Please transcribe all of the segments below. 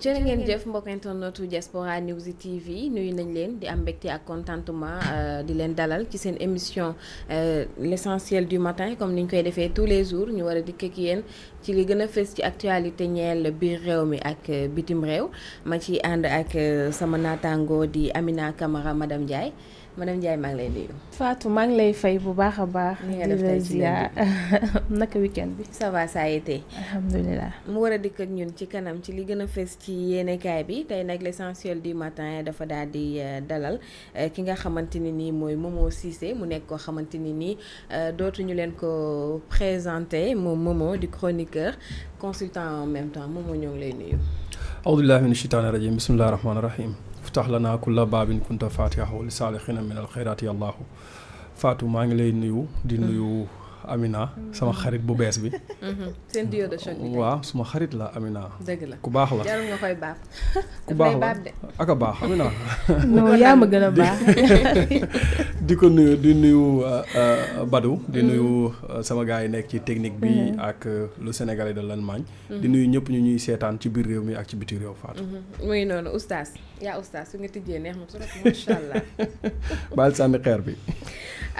jërë ngeen jëf mbokk internetu diaspora news tv nuyu nañ leen di am mbégte ak contentement euh, di leen dalal ci seen émission euh, l' essentiel du matin comme niñ koy defee tous les jours ñu war a dikk ak yéen ci li gën a fës ci actualité ñeel biir réew mi ak euh, bitim réew ma ci ànd ak sama naataango di Amina Camara madame Ndiaye madame Diaye, maa ngi lay Fatou maa fay bu baax a baax. ni nga def tey end naka weekend bi. ça va ça a été. mu war a dikk ñun ci kanam ci li gën a ci Vous bi tey nag du matin dafa daal di euh, dalal euh, ki nga xamante ni nii Momo Cissé mu nekk koo xamante ni euh, présenté Momo di chroniqueur consultant en même temps Momo ñoo ngi lay tax la naa kulla baabin kunta fatiha wali saalixina min alxeyraati yàllaahu Fatou maa ngi lay nuyu di nuyu Amina sama xarit bu bees bi. Mm-hmm. sen duo de choc bi waaw suma xarit la Amina. deug la ku baax la jarul nga koy baab. ku baax la ak a baax Amina. non ya ma gëna a baax. di ko nuyu di nuyu euh, euh, Badou. di mm-hmm. nuyu euh, sama gaay nek ci technique bi. Mm-hmm. ak le Sénégalais de l'Allemagne. di nuyu ñëpp ñu ñuy sétane ci biir réew mi ak ci biti réew Fatou. muy non oustaz ya oustaz su nga tijjee neex na trop macha allah. bal sànni xeer bi.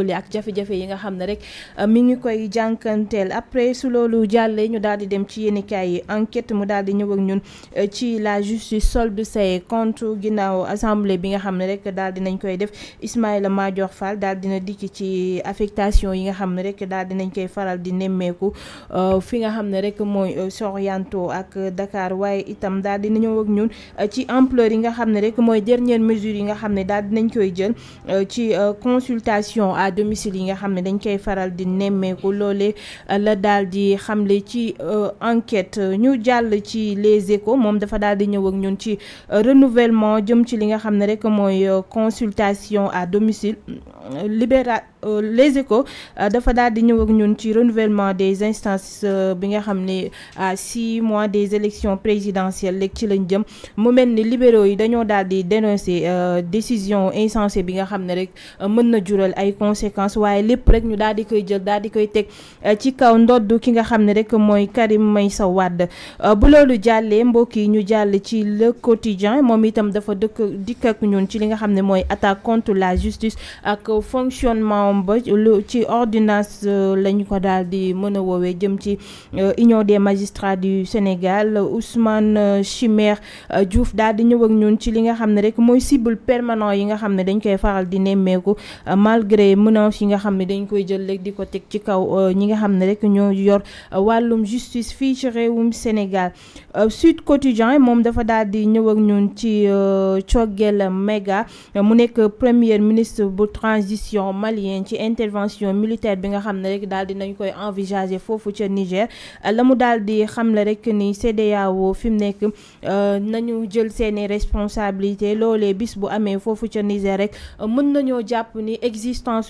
dolli ak jafe-jafe yi nga xam ne rek euh, mi ngi koy jànkanteel après su loolu jàllee ñu daal di dem ci yéenekaay yi enquête mu daal di ñëw ak ñun euh, ci la justice solde say compte ginnaaw assemblée bi nga xam ne rek daal di nañ koy def Ismaïla Madior Fall daal dina dikk ci affectation yi nga xam ne rek daal di nañ koy faral di nemmeeku euh, fi nga xam ne rek mooy Soryanto ak Dakar waaye itam daal dina ñëw ak ñun ci ampleur yi nga xam ne rek mooy dernière mesure yi nga xam ne daal dinañ koy jël ci consultation à domicile yi nga xamné dañ koy faral di ko lolé euh, la dal di xamlé ci euh, enquête ñu jall ci les échos mom dafa dal di ñëw ak ñun ci euh, renouvellement jëm ci li nga xamné rek moy consultation à domicile libéral les échos dafa dal di ñëw ak ñun ci renouvellement des instances bi nga xamné à six mois des élections présidentielles lek ci lañ jëm mu melni libéraux yi dañoo dal di dénoncer décision insensée bi nga xamné rek mën jural ay. conséquences waaye lépp rek ñu daal di koy jël daal di koy teg euh, ci kaw ndodd ki nga xam ne rek mooy Karim Meïssa Wade euh, bu loolu jàllee mbokk yi ñu jàll ci le quotidien moom itam dafa dëkk dikk ak ñun ci li nga xam ne mooy attaque contre la justice ak fonctionnement ba lu ci ordonnance euh, lañu ko daal di mën a woowee jëm ci union des magistrats Sénégal Ousmane Chimère Diouf di ñëw li nga permanent yi nga xam ne dañ koy faral di nemmeeku malgré menaces yi xam ne dañ koy jël rek di ko teg ci kaw euh, ñi nga xam ne rek ñoo yor euh, wàllum justice fii ci réewum Sénégal euh, Sud Quotidien moom dafa daal di ñëw ak ñun ci Choguel Mega mu nekk première ministre bu transition malien ci intervention militaire bi nga xam ne rek daal di nañ koy envisager foofu ca Niger la mu daal di xamle rek ni CEDEAO fi mu nekk nañu jël seeni responsabilité loolee bis bu amee foofu ca Niger rek mën nañoo jàpp ni existence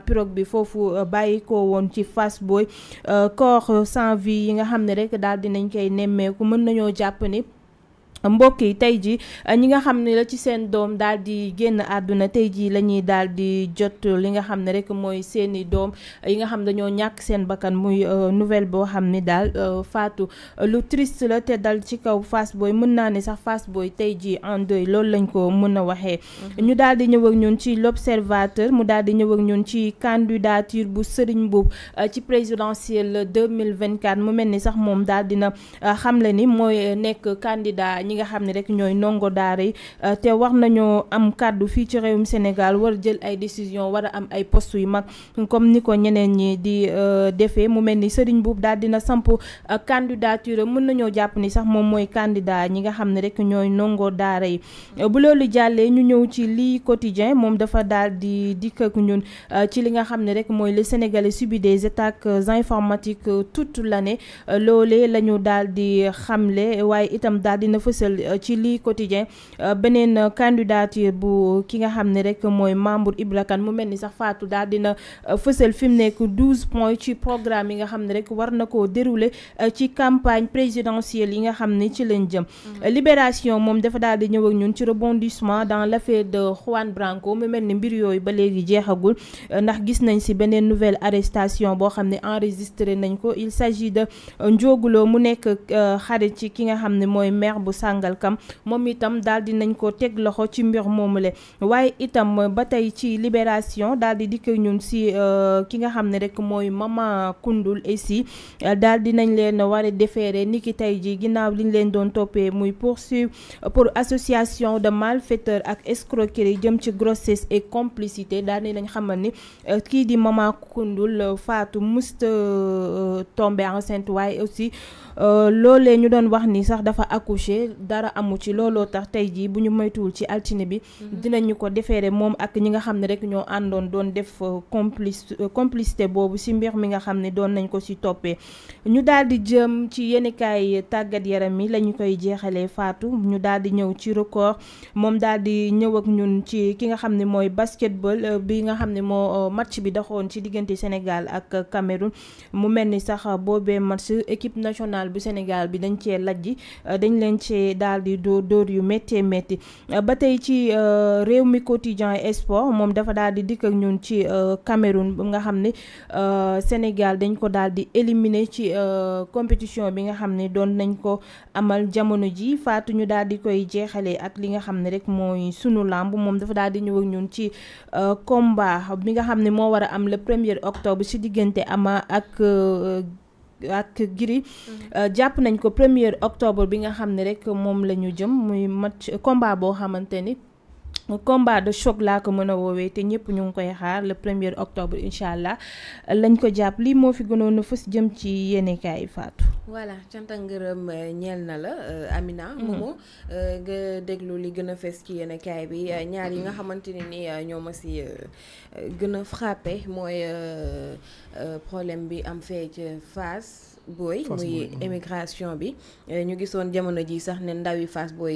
pirogue bi foofu euh, bàyyi woon ci Fass Boye euh, corps sans vie yi nga xam ne rek daal dinañ koy nemmeeku mën nañoo jàpp ni mbokk yi tey jii eh, ñi nga xam ne la ci seen doom daal di génn àdduna tey jii la ñuy daal di jot li nga xam ne rek mooy seeni doom eh, yi nga xam dañoo ñàkk seen bakkan muy eh, nouvelle boo xam ni daal faatu lu triste la te dal ci kaw Fass booy mën naa ni sax Fass booy tey jii en deuil loolu lañ ko mën a waxee. Mhm. ñu daal di ñëw ak ñun ci l'observateur mu daal di ñëw ak ñun ci candidature bu Serigne Mboup ci présidentielle 2024 mu mel ni sax moom daal xam xamle ni mooy nekk candidat. ñi nga xamni rek ñoy nongo daara yi euh, war nañu am fi ci réewum Sénégal war am ay comme ñeneen ñi di euh, mu Serigne Boub euh, candidature mën ni sax candidat ñi nga rek daara bu quotidien dafa ak ñun Sénégalais des attaques informatiques toute l'année lolé lañu dal di itam fësal euh, ci li quotidien euh, benen candidature bu ki nga xam rek moy membre Ibra mu melni sax Fatou dal dina euh, fësal fi mu douze points ci programme yi nga xam rek war nako dérouler ci campagne présidentielle yi nga xam ci lañ jëm mhm. libération mom dafa dal di ñëw ak ñun ci rebondissement dans l'affaire de Juan Branco mu melni mbir yoy ba légui jéxagul ndax gis nañ ci benen nouvelle arrestation bo xam ne enregistré nañ ko il s'agit de Ndiogoulo mu nek xarit ci ki nga xam moy mooy maire bu Sangalkam momi itam d'al di ko tegg loxo ci mbir momule waye itam ba ci libération daal di dikk ñun si euh, ki nga xamne rek moy Mama kundul et si di nañ leen war a niki tay ji ginaaw liñ leen doon topé muy poursuivre pour association de malfaiteurs ak escroquerie jëm ci grossesse et complicité dal di nañ xamal ni euh, ki di Mama kundul euh, Fatou must tombé enceinte waye aussi lolé ñu doon wax ni sax dafa accoucher dara amu ci looloo tax tey jii bu ñu moytuwul ci altine bi mhm. dinañu ko defeere moom ak ñi nga xam ne rek ñoo àndoon doon def euh, euh, complicité boobu si mbir mi nga xam ne doon nañ ko si toppee ñu daal di jëm ci yenikaay tàggat yaram yi lañu koy jeexalee faatu ñu daal di ñëw ci record moom daal di ñëw ak ñun ci ki nga xam ne mooy basketball euh, bi nga xam ne moo match bi doxoon ci diggante Sénégal ak Cameroun mu mel ni sax boobee match équipe nationale bu Sénégal bi dañ cee lajji dañ leen koy daal di dóor dóor yu méttee métti ba tey ci euh, réew mi quotidien sport moom dafa daal di dikk ak ñun ci euh, bu nga xam ne euh, Sénégal dañ ko daal di éliminer ci compétition bi nga xam ne doon nañ ko amal jamono ji faatu ñu daal di koy jeexalee ak li nga xam ne rek mooy sunu làmb moom dafa daal di ñëw ak ñun ci combat bi nga xam ne moo war a am le premier octobre ci diggante Ama ak ak Gris mm-hmm. euh, jàpp nañ ko premier octobre bi nga xam ne rek moom la ñu jëm muy match combat boo xamante ni combat de choc là ko mën a woowee te ñëpp ñu ngi koy xaar le premier octobre Inshallah. lañ ko japp li mo fi gënoon a fess jëm ci yéenekaay Fatou. voilà cant ak ngërëm na la euh, Amina. Mm-hmm. Momo euh, nga déglu li gëna fess fës ci yéenekaay bi euh, ñaar yi nga xamanteni ni ñoom ma gëna gën a frappé mooy problème bi am fee ci face Boy muy mm-hmm. émigration bi ñu gisoon jamono ji sax ne ndawi face Boy.